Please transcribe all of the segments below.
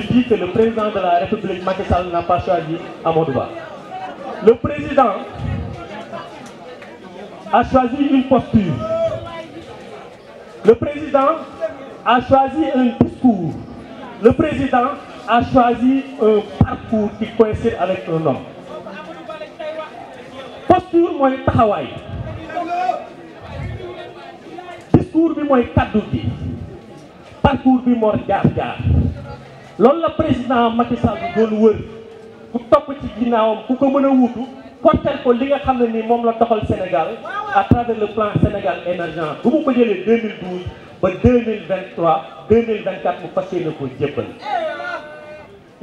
je dis que le président de la République Macky Sall n'a pas choisi Amadou Ba. Le président a choisi une posture. Le président a choisi un Le président a choisi un parcours qui coïncide avec un homme. Posture mooy taxawaay. Discours bi mooy kaddu bi. Parcours bi mooy jaar loolu la président Macky Sall doon wër ku topp ci ginnaawam ku ko mën a wuutu porter ko li nga xam ne ni moom la doxal Sénégal à travers le plan Sénégal émergent bu mu ko jëlee 2012 ba 2023 2024 mu fas yéene ko jébbal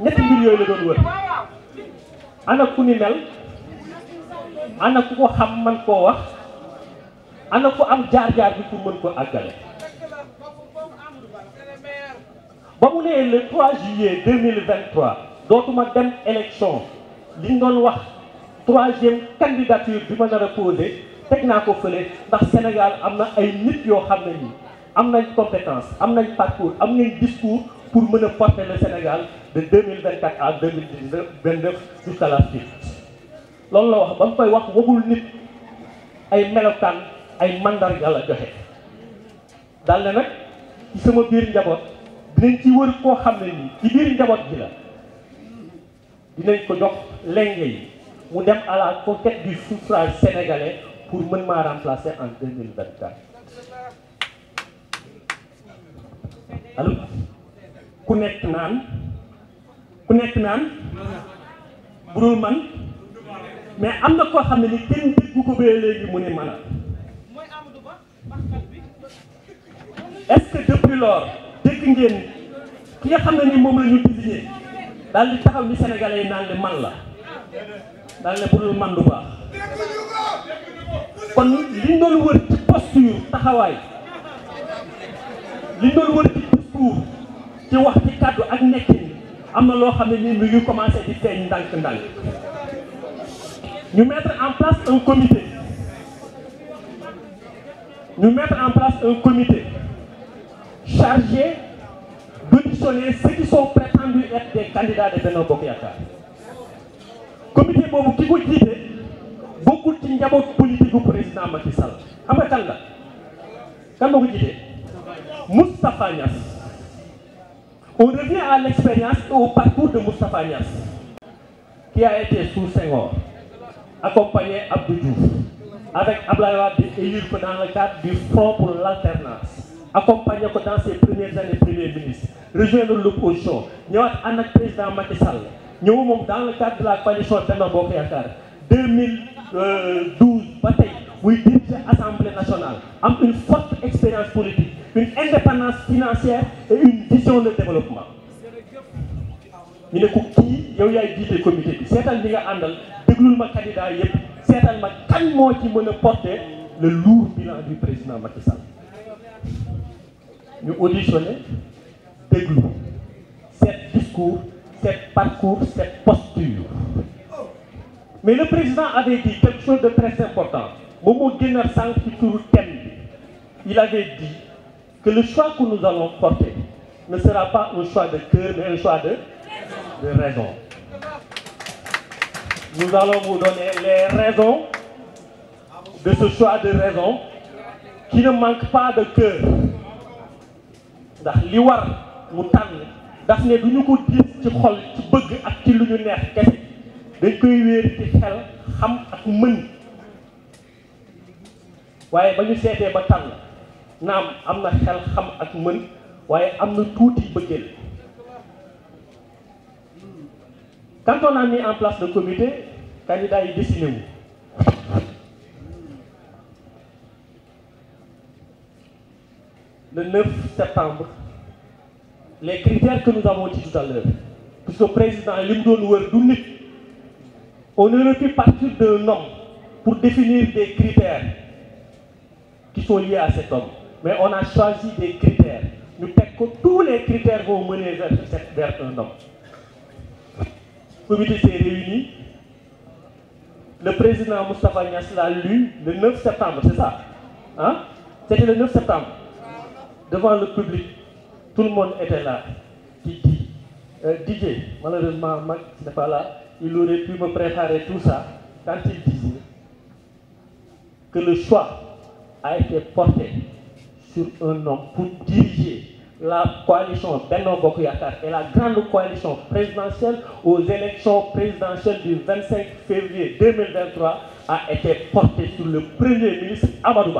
ñetti mbir yooyu la doon wër ana ku ni mel ana ku ko xam man koo wax ana ku am jaar-jaar bi pour mën ko àggale ba mu ne le 3 juillet 2023 dootuma dem élection li ñu doon wax troisième candidature bi ma nar a posé teg naa ko fële ndax Sénégal am na ay nit yoo xam ne nii am nañ compétence am nañ parcours am nañ discours pour mën a porter le Sénégal de 2024 à de 2029 jusqu'à la fin loolu la wax ba mu koy wax wagul nit ay melokaan ay mandarga la joxe daal ne nag ci sama biir njaboot dinañ ci wër koo xam ne nii ci biir njaboot gi la dinañ ko jox lenge yi mu dem à la conquête du suffrage sénégalais pour mën maa remplacer en 2024 alors ku nekk naan ku nekk naan bu dul man mais am na koo xam ne ni kenn déggu ko ba léegi mu ne man est-ce que depuis dégg ngeen ki nga xam ne ni moom lañu ñu désigné daal di taxaw ni sénégalais yi naan ne man la daal ne bu dul man du baax kon liñ doon wër ci posture taxawaay liñ doon wër ci discours ci wax ci kàddu ak nekkin am na loo xam ne nii mi ngi commencé di feeñ ndànk-ndànk ñu mettre en place un comité ñu mettre en place un comité chargé auditionné ceux qui sont prétendus être des de Benno Bokk Yaakaar comité boobu ki ko jiite bokkul ci njaboot politique président Macky Sall nga kan la kan ko jiite Moustapha Niass on revient à l'expérience et au parcours de Moustapha Niass qui a été sous Senghor accompagné Abdou Diouf avec Abdoulaye Wade élu ko dans le cadre du Front l'alternance accompagné ko dans ses premières années premier ministre rejoindre l'opposition ñëwaat ànd ak président Macky Sall ñëw moom dans le cadre de la coalition Benno Bokk Yaakaar 2012 euh, ba tey muy diriger assemblée nationale am une forte expérience politique une indépendance financière et une vision de développement. ñu ne ko kii yow yaay jiite comité bi seetal li nga àndal déglul ma candidat yëpp seetal ma kan moo ci mën a porter le lourd du président Macky ñu auditionné. déglu cet discours cet mais le président avait dit quelque chose de très important moom moo gën a sànq ci turu thème bi il avait dit que le choix que nous allons porter ne sera pas un choix de cœur mais un choix de raison nous allons vous donner les raisons de ce choix de raison qui ne manque pas de cœur mu tànn daf ne du ñu ko diis ci xol ci bëgg ak ci lu ñu neex kese dañ koy wéer ci xel xam ak mën waaye ba ñu seetee ba tànn naam am na xel xam ak mën waaye am na tuuti bëggeel quand on a en place le comité candidat yi dessiné le 9 septembre les critères que nous avons dit tout à l'heure puisque président li mu doon wër du on aurait partir d'un homme pour définir des critères qui sont liés à cet homme mais on a choisi des critères ñu teg ko tous les critères vont mener vers cette vers un homme comité s'est réuni le président Moustapha Niass l'a lu le 9 septembre c'est ça ah c'était le 9 septembre devant le public tout le monde était là. Titi, euh, DJ, malheureusement, Max n'est pas là. Il aurait pu me préparer tout ça quand il disait que le choix a été porté sur un homme pour diriger la coalition Benno Bokk Yakaar et la grande coalition présidentielle aux élections présidentielles du 25 février 2023 a été portée sur le premier ministre Amadou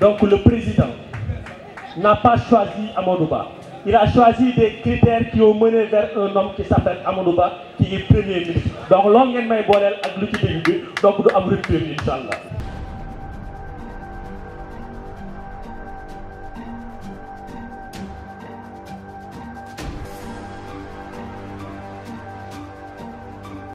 Donc le président n'a pas choisi Amadouba. Il a choisi des critères qui ont mené vers un homme qui s'appelle Amadouba, qui est premier ministre. Donc l'homme est Donc nous avons rupture, Inch'Allah.